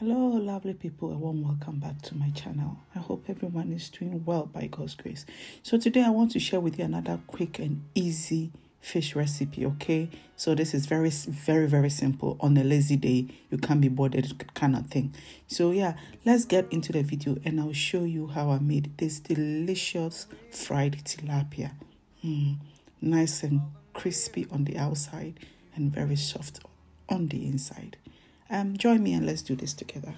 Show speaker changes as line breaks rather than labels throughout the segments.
Hello, lovely people. A warm welcome back to my channel. I hope everyone is doing well by God's grace. So today I want to share with you another quick and easy fish recipe, okay? So this is very, very, very simple. On a lazy day, you can't be bothered kind of thing. So yeah, let's get into the video and I'll show you how I made this delicious fried tilapia. Mm, nice and crispy on the outside and very soft on the inside. Um, join me and let's do this together.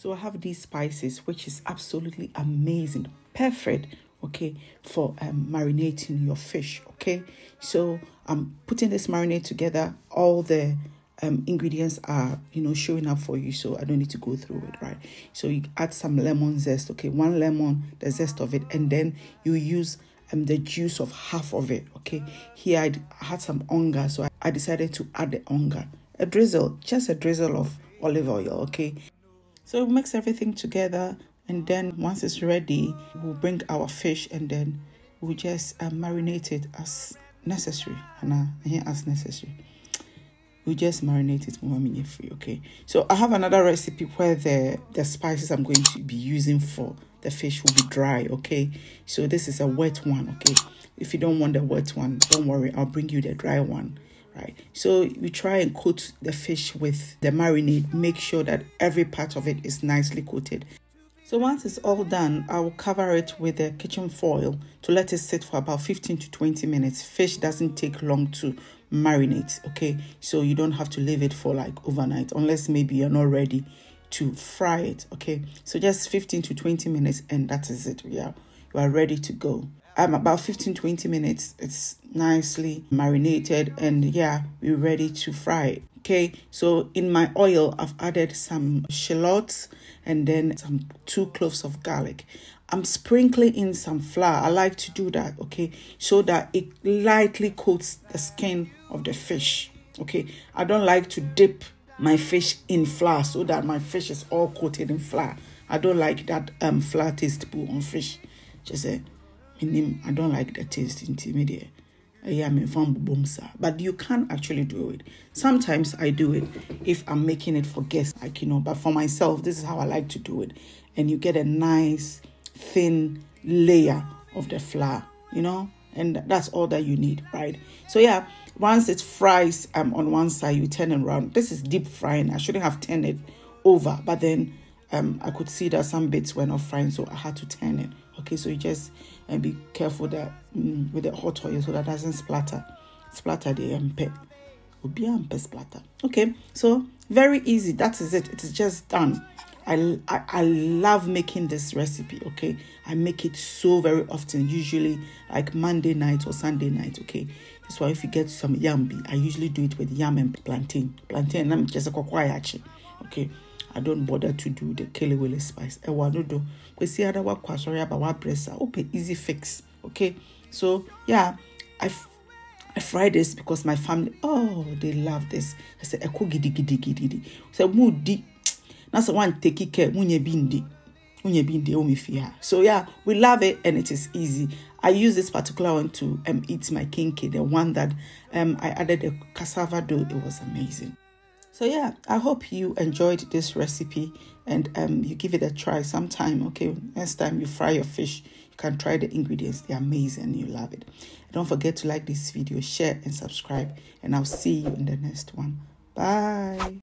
So I have these spices, which is absolutely amazing, perfect, okay, for um, marinating your fish, okay. So I'm putting this marinade together. All the um, ingredients are, you know, showing up for you, so I don't need to go through it, right? So you add some lemon zest, okay, one lemon, the zest of it, and then you use um, the juice of half of it. Okay, here I had some onga, so I, I decided to add the onga, a drizzle, just a drizzle of olive oil. Okay, so we mix everything together and then once it's ready, we'll bring our fish and then we just uh, marinate it as necessary. Anna, here as necessary. We just marinate it more minute free, okay? So I have another recipe where the, the spices I'm going to be using for the fish will be dry, okay? So this is a wet one, okay? If you don't want the wet one, don't worry, I'll bring you the dry one right? So you try and coat the fish with the marinade, make sure that every part of it is nicely coated. So once it's all done, I will cover it with a kitchen foil to let it sit for about 15 to 20 minutes. Fish doesn't take long to marinate, okay? So you don't have to leave it for like overnight unless maybe you're not ready to fry it, okay? So just 15 to 20 minutes and that is it. Yeah, you are ready to go um, about 15 20 minutes it's nicely marinated and yeah we're ready to fry it okay so in my oil i've added some shallots and then some two cloves of garlic i'm sprinkling in some flour i like to do that okay so that it lightly coats the skin of the fish okay i don't like to dip my fish in flour so that my fish is all coated in flour i don't like that um flour taste on fish just a I don't like the taste in media. I'm in but you can actually do it. Sometimes I do it if I'm making it for guests, like you know, but for myself, this is how I like to do it. And you get a nice thin layer of the flour, you know, and that's all that you need, right? So yeah, once it fries um on one side, you turn it around. This is deep frying. I shouldn't have turned it over, but then um, I could see that some bits were not frying, so I had to turn it. Okay, so you just and um, uh, be careful that mm, with the hot oil so that doesn't splatter. Splatter the empe. Um, be empe splatter. Okay, so very easy. That is it. It is just done. I, I, I love making this recipe. Okay, I make it so very often. Usually like Monday night or Sunday night. Okay, that's why if you get some yambi, I usually do it with yam and plantain. Plantain. I'm just a actually. Okay. I don't bother to do the kelewele spice. want to do. We see other kwa sorry about what bresa. Okay, easy fix. Okay. So yeah, I I fry this because my family oh they love this. I said eko gidi gidi gidi. So mu That's the one take care. Mu bindi. Mu bindi omi So yeah, we love it and it is easy. I use this particular one to um, eat my kinky, the one that um, I added a cassava dough. It was amazing. So yeah, I hope you enjoyed this recipe and um, you give it a try sometime. Okay, next time you fry your fish, you can try the ingredients. They're amazing. You love it. And don't forget to like this video, share, and subscribe. And I'll see you in the next one. Bye.